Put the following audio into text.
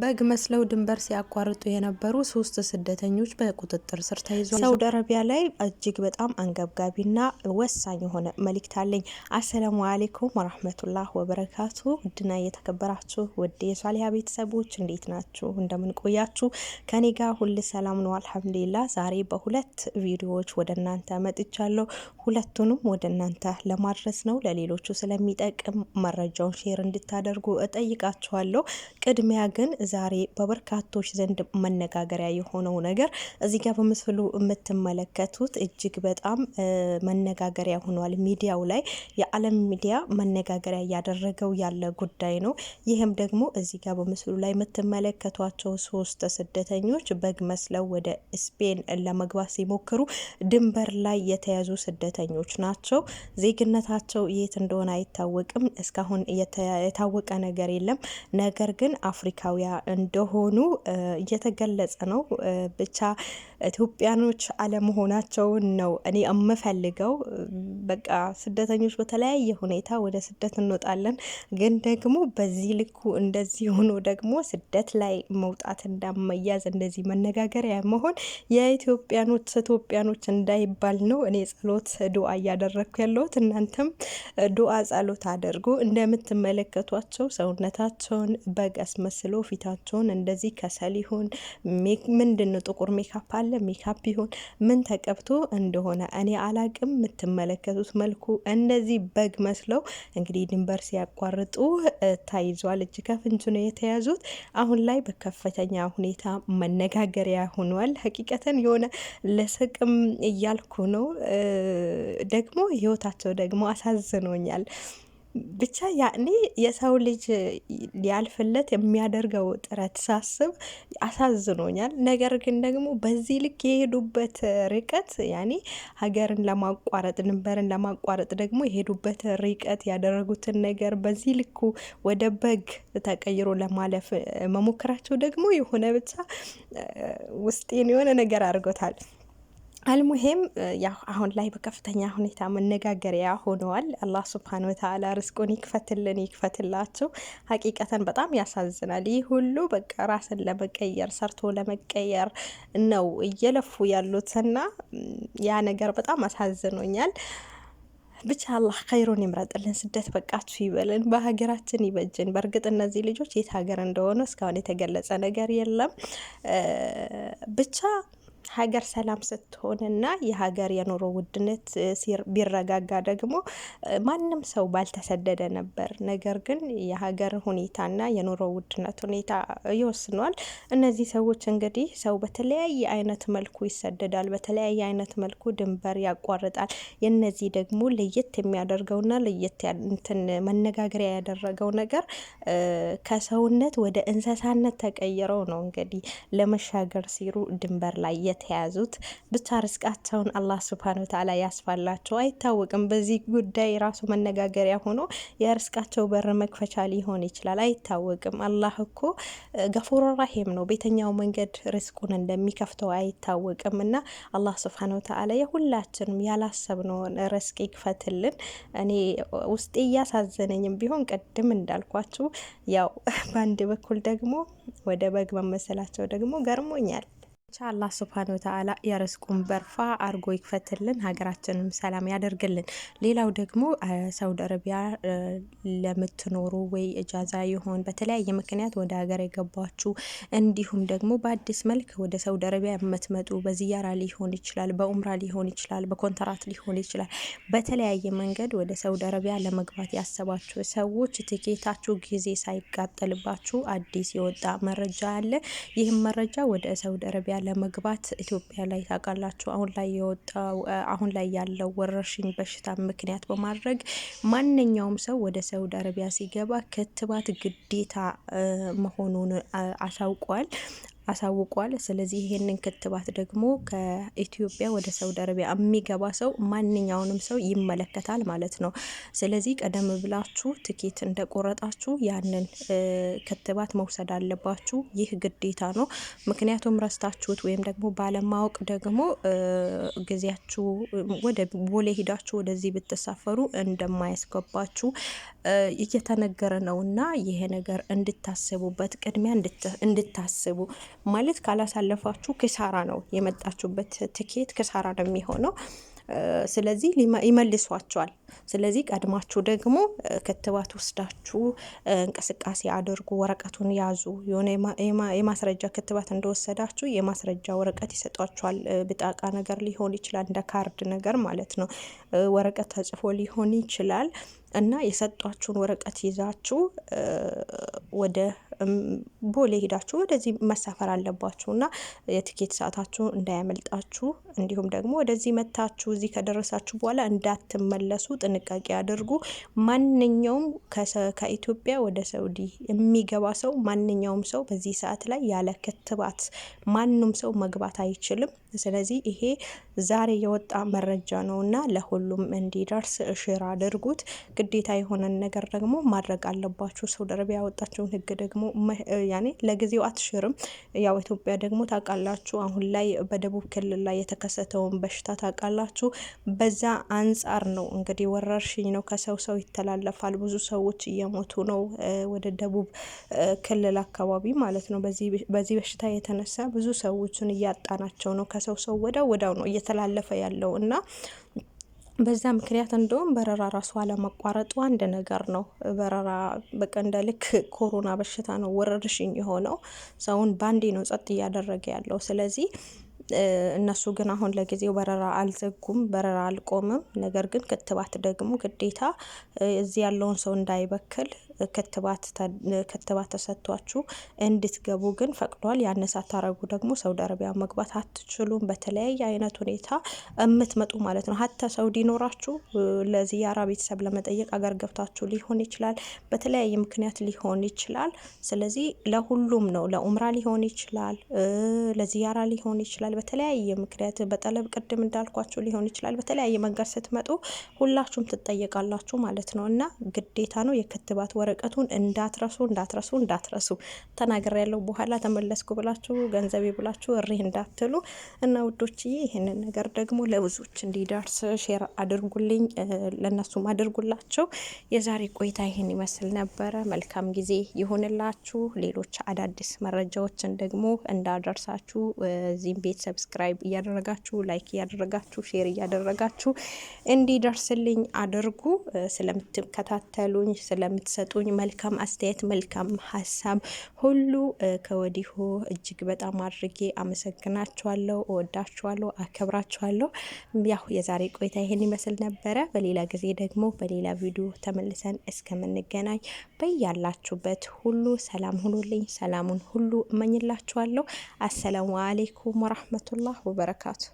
በግ መስለው ድንበር ሲያቋርጡ የነበሩ ሶስት ስደተኞች በቁጥጥር ስር ተይዟል። ሳውዲ አረቢያ ላይ እጅግ በጣም አንገብጋቢና ወሳኝ የሆነ መልእክት አለኝ። አሰላሙ አሌይኩም ወራህመቱላህ ወበረካቱ። ውድና እየተከበራችሁ ውድ የሷሊያ ቤተሰቦች እንዴት ናችሁ? እንደምን ቆያችሁ? ከኔ ጋር ሁል ሰላም ነው አልሐምዱሊላ። ዛሬ በሁለት ቪዲዮዎች ወደ እናንተ መጥቻለሁ። ሁለቱንም ወደ እናንተ ለማድረስ ነው። ለሌሎቹ ስለሚጠቅም መረጃውን ሼር እንድታደርጉ እጠይቃችኋለሁ። ቅድሚያ ግን ዛሬ በበርካቶች ዘንድ መነጋገሪያ የሆነው ነገር እዚህ ጋር በምስሉ የምትመለከቱት እጅግ በጣም መነጋገሪያ ሆኗል። ሚዲያው ላይ የዓለም ሚዲያ መነጋገሪያ እያደረገው ያለ ጉዳይ ነው። ይህም ደግሞ እዚህ ጋር በምስሉ ላይ የምትመለከቷቸው ሶስት ስደተኞች በግ መስለው ወደ ስፔን ለመግባት ሲሞክሩ ድንበር ላይ የተያዙ ስደተኞች ናቸው። ዜግነታቸው የት እንደሆነ አይታወቅም። እስካሁን የታወቀ ነገር የለም። ነገር ግን አፍሪካውያ እንደሆኑ እየተገለጸ ነው። ብቻ ኢትዮጵያኖች አለመሆናቸውን ነው እኔ የምፈልገው። በቃ ስደተኞች በተለያየ ሁኔታ ወደ ስደት እንወጣለን። ግን ደግሞ በዚህ ልኩ እንደዚህ ሆኖ ደግሞ ስደት ላይ መውጣት እንዳመያዝ እንደዚህ መነጋገሪያ መሆን የኢትዮጵያኖች ኢትዮጵያኖች እንዳይባል ነው እኔ ጸሎት ዱአ እያደረግኩ ያለሁት። እናንተም ዱአ ጸሎት አድርጉ። እንደምትመለከቷቸው ሰውነታቸውን በግ መስሎ ፊታቸውን እንደዚህ ከሰል ይሁን ምንድን ጥቁር ሜካፕ አለ ሜካፕ ይሁን ምን ተቀብቶ እንደሆነ እኔ አላቅም። የምትመለከቱ በምትመለከቱት መልኩ እንደዚህ በግ መስለው እንግዲህ ድንበር ሲያቋርጡ ታይዟል። እጅ ከፍንጅ ነው የተያዙት። አሁን ላይ በከፍተኛ ሁኔታ መነጋገሪያ ሆኗል። ሀቂቀተን የሆነ ለስቅም እያልኩ ነው። ደግሞ ህይወታቸው ደግሞ አሳዝኖኛል። ብቻ ያኔ የሰው ልጅ ሊያልፍለት የሚያደርገው ጥረት ሳስብ አሳዝኖኛል። ነገር ግን ደግሞ በዚህ ልክ የሄዱበት ርቀት ያኔ ሀገርን ለማቋረጥ ድንበርን ለማቋረጥ ደግሞ የሄዱበት ርቀት ያደረጉትን ነገር በዚህ ልኩ ወደ በግ ተቀይሮ ለማለፍ መሞከራቸው ደግሞ የሆነ ብቻ ውስጤን የሆነ ነገር አድርጎታል። አልሙሄም ያው አሁን ላይ በከፍተኛ ሁኔታ መነጋገሪያ ሆነዋል። አላህ ስብሃነ ወተዓላ ርስቁን ይክፈትልን ይክፈትላቸው። ሀቂቀተን በጣም ያሳዝናል። ይህ ሁሉ በቃ ራስን ለመቀየር ሰርቶ ለመቀየር ነው እየለፉ ያሉትና ያ ነገር በጣም አሳዝኖኛል። ብቻ አላህ ኸይሩን ይምረጥልን። ስደት በቃችሁ ይበልን፣ በሀገራችን ይበጅን። በእርግጥ እነዚህ ልጆች የት ሀገር እንደሆነ እስካሁን የተገለጸ ነገር የለም ብቻ ሀገር ሰላም ስትሆንና የሀገር የኑሮ ውድነት ቢረጋጋ ደግሞ ማንም ሰው ባልተሰደደ ነበር። ነገር ግን የሀገር ሁኔታና የኑሮ ውድነት ሁኔታ ይወስኗል። እነዚህ ሰዎች እንግዲህ ሰው በተለያየ አይነት መልኩ ይሰደዳል፣ በተለያየ አይነት መልኩ ድንበር ያቋርጣል። የነዚህ ደግሞ ለየት የሚያደርገውና ለየት እንትን መነጋገሪያ ያደረገው ነገር ከሰውነት ወደ እንስሳነት ተቀይረው ነው እንግዲህ ለመሻገር ሲሩ ድንበር ላይ የተያዙት ብቻ ርስቃቸውን አላህ ስብሃነ ወተዓላ ያስፋላቸው። አይታወቅም። በዚህ ጉዳይ ራሱ መነጋገሪያ ሆኖ የርስቃቸው በር መክፈቻ ሊሆን ይችላል። አይታወቅም። አላህ እኮ ገፉር ራሂም ነው። ቤተኛው መንገድ ርስቁን እንደሚከፍተው አይታወቅም እና አላህ ስብሃነ ወተዓላ የሁላችንም ያላሰብነውን ርስቅ ይክፈትልን። እኔ ውስጤ እያሳዘነኝም ቢሆን ቅድም እንዳልኳችሁ ያው በአንድ በኩል ደግሞ ወደ በግ መመሰላቸው ደግሞ ገርሞኛል። ብቻ አላህ ስብሃነ ወተዓላ የርስቁን በርፋ አርጎ ይክፈትልን፣ ሀገራችንም ሰላም ያደርግልን። ሌላው ደግሞ ሳውዲ አረቢያ ለምትኖሩ ወይ እጃዛ ይሆን በተለያየ ምክንያት ወደ ሀገር የገባችሁ እንዲሁም ደግሞ በአዲስ መልክ ወደ ሳውዲ አረቢያ የምትመጡ በዚያራ ሊሆን ይችላል፣ በኡምራ ሊሆን ይችላል፣ በኮንትራት ሊሆን ይችላል። በተለያየ መንገድ ወደ ሳውዲ አረቢያ ለመግባት ያሰባችሁ ሰዎች ትኬታችሁ ጊዜ ሳይቃጠልባችሁ አዲስ የወጣ መረጃ አለ። ይህም መረጃ ወደ ሳውዲ አረቢያ ለመግባት ኢትዮጵያ ላይ ታውቃላችሁ አሁን ላይ የወጣው አሁን ላይ ያለው ወረርሽኝ በሽታ ምክንያት በማድረግ ማንኛውም ሰው ወደ ሳውዲ አረቢያ ሲገባ ክትባት ግዴታ መሆኑን አሳውቋል። አሳውቋል። ስለዚህ ይሄንን ክትባት ደግሞ ከኢትዮጵያ ወደ ሳውዲ አረቢያ የሚገባ ሰው ማንኛውንም ሰው ይመለከታል ማለት ነው። ስለዚህ ቀደም ብላችሁ ትኬት እንደቆረጣችሁ ያንን ክትባት መውሰድ አለባችሁ። ይህ ግዴታ ነው። ምክንያቱም ረስታችሁት ወይም ደግሞ ባለማወቅ ደግሞ ጊዜያችሁ ወደ ቦሌ ሄዳችሁ ወደዚህ ብትሳፈሩ እንደማያስገባችሁ እየተነገረ ነው እና ይሄ ነገር እንድታስቡበት ቅድሚያ እንድታስቡ ማለት ካላሳለፋችሁ ክሳራ ነው የመጣችሁበት ትኬት ክሳራ ነው የሚሆነው። ስለዚህ ይመልሷቸዋል። ስለዚህ ቀድማችሁ ደግሞ ክትባት ወስዳችሁ እንቅስቃሴ አድርጉ፣ ወረቀቱን ያዙ። የሆነ የማስረጃ ክትባት እንደወሰዳችሁ የማስረጃ ወረቀት ይሰጧችኋል። ብጣቃ ነገር ሊሆን ይችላል፣ እንደ ካርድ ነገር ማለት ነው። ወረቀት ተጽፎ ሊሆን ይችላል። እና የሰጧችሁን ወረቀት ይዛችሁ ወደ ቦሌ ሄዳችሁ ወደዚህ መሳፈር አለባችሁ እና የትኬት ሰዓታችሁ እንዳያመልጣችሁ፣ እንዲሁም ደግሞ ወደዚህ መታችሁ እዚህ ከደረሳችሁ በኋላ እንዳትመለሱ ጥንቃቄ አድርጉ። ማንኛውም ከኢትዮጵያ ወደ ሳውዲ የሚገባ ሰው ማንኛውም ሰው በዚህ ሰዓት ላይ ያለ ክትባት ማንም ሰው መግባት አይችልም። ስለዚህ ይሄ ዛሬ የወጣ መረጃ ነው እና ለሁሉም እንዲደርስ ሽር አድርጉት። ግዴታ የሆነን ነገር ደግሞ ማድረግ አለባችሁ። ሳውዲ አረቢያ ያወጣችውን ህግ ደግሞ ያኔ ለጊዜው አትሽርም። ያው ኢትዮጵያ ደግሞ ታውቃላችሁ፣ አሁን ላይ በደቡብ ክልል ላይ የተከሰተውን በሽታ ታውቃላችሁ። በዛ አንጻር ነው እንግዲህ ወረርሽኝ ነው፣ ከሰው ሰው ይተላለፋል። ብዙ ሰዎች እየሞቱ ነው፣ ወደ ደቡብ ክልል አካባቢ ማለት ነው። በዚህ በሽታ የተነሳ ብዙ ሰዎችን እያጣናቸው ነው። ከሰው ሰው ወዳው ወዳው ነው እየተላለፈ ያለው እና በዛ ምክንያት እንደውም በረራ ራሱ አለመቋረጡ አንድ ነገር ነው። በረራ በቃ እንደ ልክ ኮሮና በሽታ ነው ወረርሽኝ የሆነው ሰውን ባንዴ ነው ጸጥ እያደረገ ያለው። ስለዚህ እነሱ ግን አሁን ለጊዜው በረራ አልዘጉም፣ በረራ አልቆምም። ነገር ግን ክትባት ደግሞ ግዴታ እዚህ ያለውን ሰው እንዳይበክል ክትባት ተሰጥቷችሁ እንድትገቡ ግን ፈቅዷል። ያነሳ ታረጉ ደግሞ ሳውዲ አረቢያ መግባት አትችሉም። በተለያየ አይነት ሁኔታ እምትመጡ ማለት ነው። ሀታ ሳውዲ ኖራችሁ ለዚያራ ቤተሰብ ለመጠየቅ አገር ገብታችሁ ሊሆን ይችላል። በተለያየ ምክንያት ሊሆን ይችላል። ስለዚህ ለሁሉም ነው። ለኡምራ ሊሆን ይችላል፣ ለዚያራ ሊሆን ይችላል። በተለያየ ምክንያት በጠለብ ቅድም እንዳልኳችሁ ሊሆን ይችላል። በተለያየ መንገድ ስትመጡ ሁላችሁም ትጠየቃላችሁ ማለት ነው እና ግዴታ ነው የክትባት ወረቀቱን እንዳትረሱ እንዳትረሱ እንዳትረሱ ተናገር ያለው በኋላ ተመለስኩ ብላችሁ ገንዘቤ ብላችሁ እሬ እንዳትሉ እና ውዶችዬ፣ ይህንን ነገር ደግሞ ለብዙዎች እንዲደርስ ሼር አድርጉልኝ፣ ለእነሱም አድርጉላቸው። የዛሬ ቆይታ ይህን ይመስል ነበረ። መልካም ጊዜ ይሁንላችሁ። ሌሎች አዳዲስ መረጃዎችን ደግሞ እንዳደርሳችሁ እዚህም ቤት ሰብስክራይብ እያደረጋችሁ ላይክ እያደረጋችሁ ሼር እያደረጋችሁ እንዲደርስልኝ አድርጉ። ስለምትከታተሉኝ ስለምትሰጡ የምትሰጡኝ መልካም አስተያየት፣ መልካም ሀሳብ ሁሉ ከወዲሁ እጅግ በጣም አድርጌ አመሰግናችኋለሁ። እወዳችኋለሁ፣ አከብራችኋለሁ። ያው የዛሬ ቆይታ ይሄን ይመስል ነበረ። በሌላ ጊዜ ደግሞ በሌላ ቪዲዮ ተመልሰን እስከምንገናኝ በያላችሁበት ሁሉ ሰላም ሁኑልኝ። ሰላሙን ሁሉ እመኝላችኋለሁ። አሰላሙ አሌይኩም ወራህመቱላህ ወበረካቱ